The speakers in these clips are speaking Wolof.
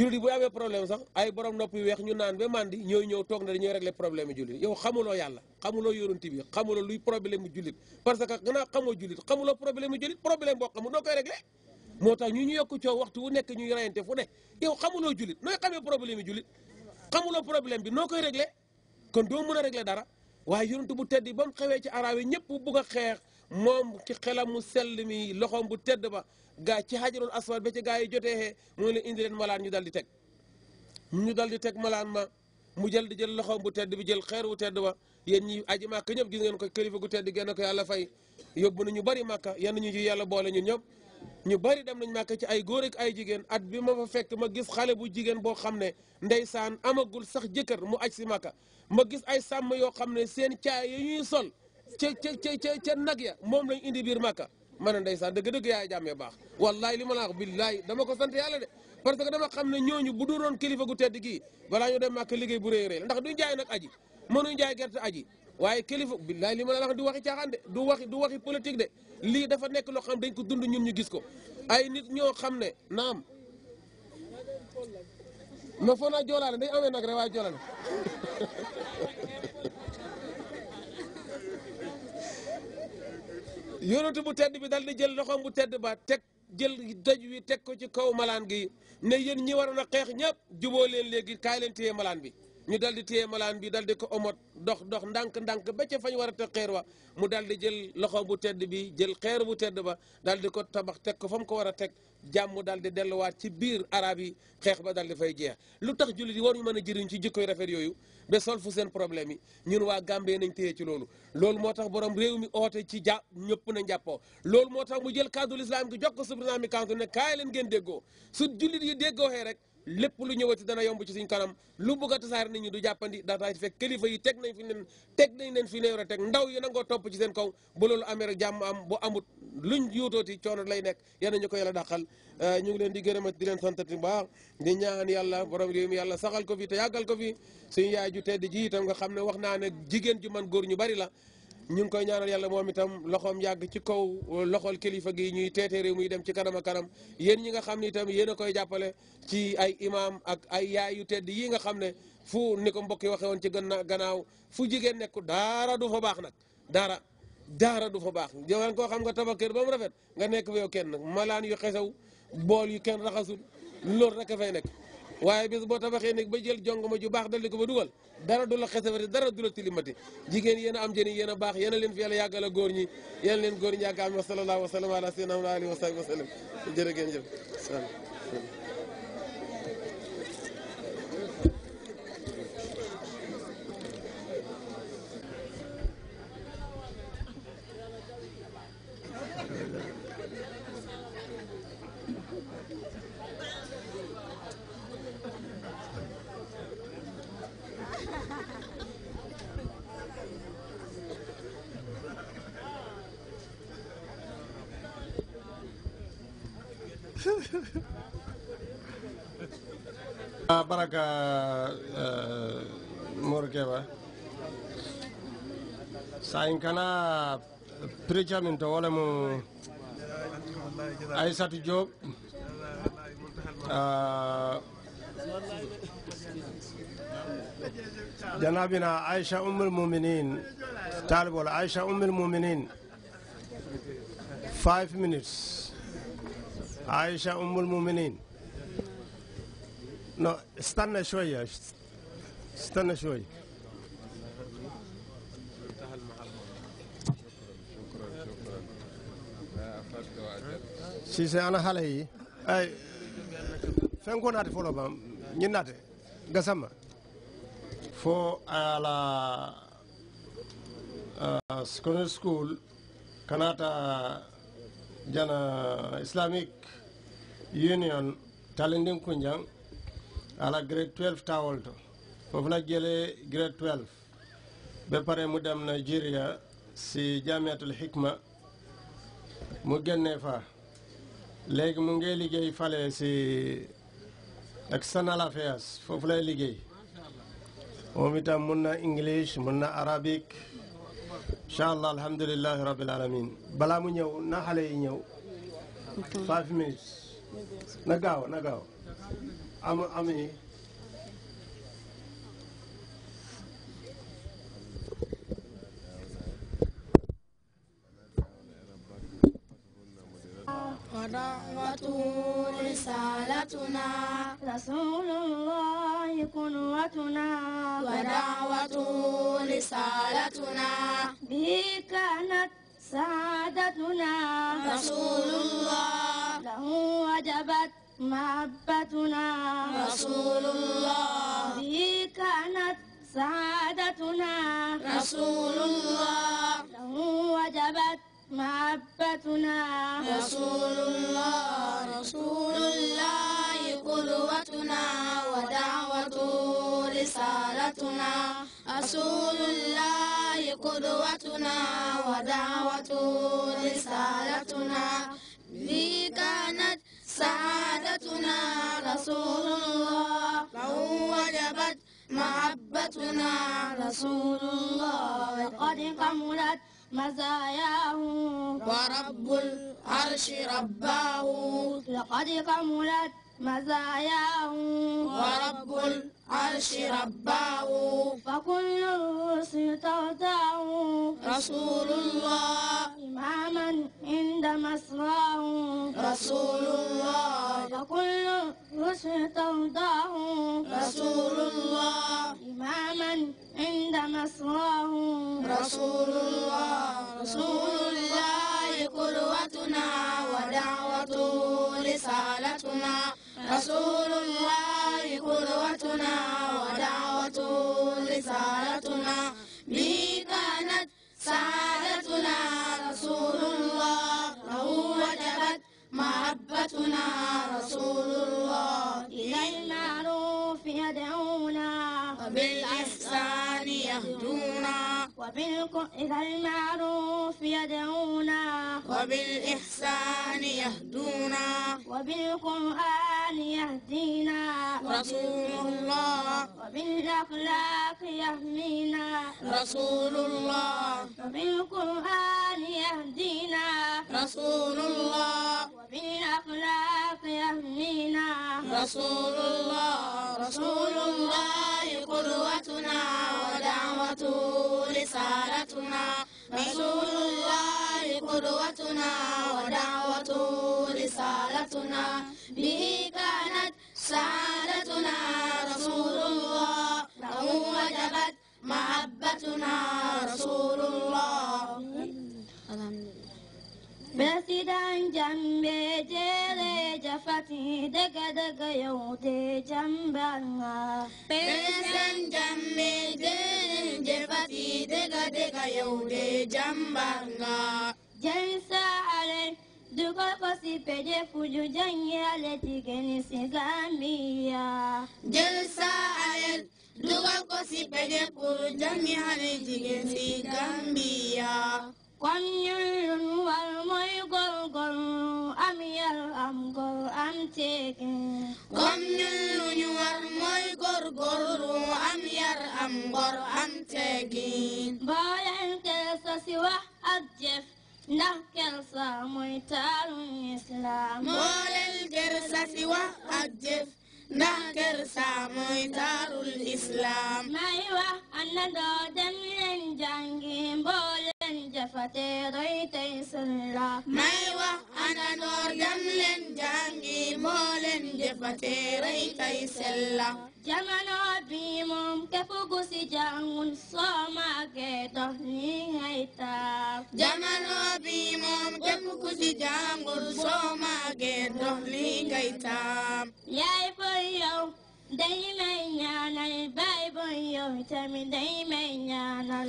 jullit bu amee problème sax ay borom nopp weex ñu naan ba mandi ñooy toog na dañooy régler problème yu yow xamuloo yàlla xamuloo yorunti bi xamuloo luy problème mu problème boo xamul noo koy régler moo tax ñu ñu yokk coow waxtu wu nekk ñuy rayante fu ne yow xamuloo jullit nooy xamee problème yu jullit xamuloo problème bi noo koy régler kon doo mën a régler dara waaye yonent bu tedd ba xewee ci araab yi bugg xeex moom ci xelam mu sell mi loxoom bu tedd ba gaa ci xajarul aswad ba ci gaa yi jotee xee mu ne indi leen malaan ñu dal teg ñu dal di teg malaan ma mu jël di jël loxoom bu tedd bi jël xeer wu tedd ba yéen ñi aj màkka ñëpp gis ngeen ko kilifa gu tedd genn ko yàlla fay yóbbu na ñu bari màkka yenn ñu ci yàlla boole ñu ñëpp ñu bari dem nañ màkka ci ay góor ak ay jigéen at bi ma fa fekk ma gis xale bu jigéen boo xam ne ndeysaan amagul sax jëkkër mu aj si ma gis ay sàmm yoo xam ne seen caay yi ñuy sol ca ca ca nag ya moom lañ indi biir Makka ma ne ndeysaan dëgg-dëgg yaay jàmmee baax wallahi li ma la wax dama ko sant yàlla de parce que dama xam ne ñooñu bu duroon kilifa gu tedd gii balaa ñu dem Makka liggéey bu rëy rëy ndax duñ jaay nag aji mënuñ jaay gerte aji waaye kilifa billahi li ma la wax du waxi caaxaan de du waxi du waxi politique de lii dafa nekk loo xam dañ ko dund ñun ñu gis ko ay nit ñoo xam ne naam ma foo naa joolaale dañ amee nag rek waaye joolaale yonentu bu tedd bi dal di jël loxoom bu tedd ba teg jël doj wi teg ko ci kaw malaan gi ne yéen ñi waroon na xeex ñëpp juboo leen léegi kaay leen téye malaan bi ñu dal di téye malaan bi dal di ko omot dox dox ndànk-ndànk ba ca fañ war a teg xeer wa mu dal di jël loxo bu tedd bi jël xeer bu tedd ba dal di ko tabax teg ko fa mu ko war a teg jàmm dal di delluwaat ci biir arab yi xeex ba dal di fay jeex lu tax jullit yi war ñu mën a jëriñ ci jikkoy rafet yooyu sol solfu seen problème yi ñun waa Gambie nañ téye ci loolu loolu moo tax borom réew mi oote ci ja ñëpp na njàppoo loolu moo tax mu jël kàddu lislaam gi jox ko subrinami kantu ne kaay leen ngeen déggoo su jullit yi déggooxee rek lépp lu ñëwati dana yomb ci suñ kanam lu bëgg a tasaare nit ñi du jàppandi daataa fekk kilifa yi teg nañ fi leen teg nañ leen fi ne war teg ndaw yi nangoo topp ci seen kaw bu loolu amee rek jàmm am bu amut luñ yuutooti coono lay nekk yal ñu ko yàlla dàqal euh, ñu ngi leen di gërëmat di leen santati baax di ñaan yàlla borom réew mi yàlla saxal ko fi te yàggal ko fi suñu yaay ju tedd ji itam nga xam ne wax naa ne jigéen ju man góor ñu bari la ñu ngi koy ñaanal yàlla moom itam loxoom yàgg ci kaw loxol kilifa gi ñuy teete réew muy dem ci kanam kanam yéen ñi nga xam ne itam yéen a koy jàppale ci ay imaam ak ay yaay yu tedd yi nga xam ne fu ni ko mbokk yi waxee woon ci gannaaw fu jigéen nekk daara du fa baax nag daara daara du fa baax yow koo xam nga tabax kër ba mu rafet nga nekk fa yow kenn malaan yu xesaw bool yu kenn raxasul loolu rek a fay nekk. waye bis bo tabaxé nek ba jël jongoma ju bax dal di ko ba dugal dara dula la xesewati dara dula la tilimati jigéen yena am jeni yena bax yena len fi yàlla yagala gor ñi yena len gor ñi yàgg am wa sallallahu wa sallam ala sayyidina wa alihi wa sahbihi wa sallam jërë ngeen jëf a ah, baraka eh, mor keɓa sayin kana preacher min to wala mo aissatou diop ah, janabina aicha ummul muminin talibol aicha ummul muminin five minutes عائشة أم المؤمنين نو استنى شوية استنى شوية شيء أنا هلاي أي فين كنا هاتي فولو بام نيناتي قسمة فو على سكول آه، كناتا جانا إسلامي union talindin kunjang ala grade 12 taawalto foofu la jëlee grade 12 ba pare mu dem Nigeria si jamiatul hikma mu génnee fa léegi mu ngi liggéey fale si external affairs foofu lay liggéey moom itam mun na english mun na arabic incha allah alhamdulilahi rabil alamin balaa mu ñëw na yi ñëw na gaaw na gaaw am ami وضوء رسالتنا رسول الله قدوتنا ودعوة رسالتنا به كانت سعادتنا رسول الله له وجبت محبتنا رسول الله به كانت سعادتنا رسول الله له وجبت محبتنا رسول الله رسول الله قدوتنا ودعوته رسالتنا رسول الله قدوتنا ودعوته رسالتنا سعادتنا رسول الله لو وجبت محبتنا رسول الله قد قملت مزاياه ورب العرش رباه لقد قملت مزاياه ورب العرش رباه فكل الرسل رسول الله إماما عند مسراه رسول الله فكل الرسل رسول الله إماما عند مسراه رسول الله رسول الله قدوتنا ودعوته رسالتنا رسول الله قدوتنا ودعوته رسالتنا به كانت سعادتنا رسول الله له وجبت محبتنا رسول الله إلى المعروف يدعونا وبالإحسان يهدونا إلى المعروف يدعونا وبالإحسان يهدونا وبالقرآن يهدينا رسول الله وبالأخلاق يهدينا رسول الله وبالقرآن يهدينا رسول الله وبالأخلاق يهدينا رسول الله رسول الله قدوتنا ودعوته رسالتنا رسول الله قدوتنا ودعوته رسالتنا به سعادتنا رسول الله له وجبت محبتنا رسول الله merci daan jàmbe jeere jafati daga daga yow te jàmbal nga. merci jàmbe jeere jafati daga daga yow te jàmbal nga. dugal ko si peje fuju jàngale jigéen ñi si Gambia. jël sa alal dugal ko si peje fuju jàngale jigéen si Gambia. kon ñun war mooy góorgóorlu am yar am góor am teggin. kon ñun war mooy góorgóorlu am yar am góor am teggin. boolente so si wax ak jëf ndax. sax mooy taalu islam moo leen kersa ana doo dem leen jàngi mboo leen jafate roy tey sunna bi moom képp ku si jàngul ni ngay moom képp ku ci jàngul soo màggee dox lii ngay taam yaay boy yow day may ñaanal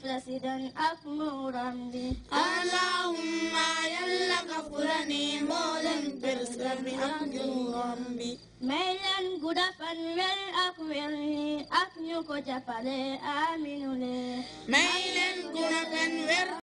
fasidan ak nguuram ak nguuram ak ñu ko jàppale aminu leen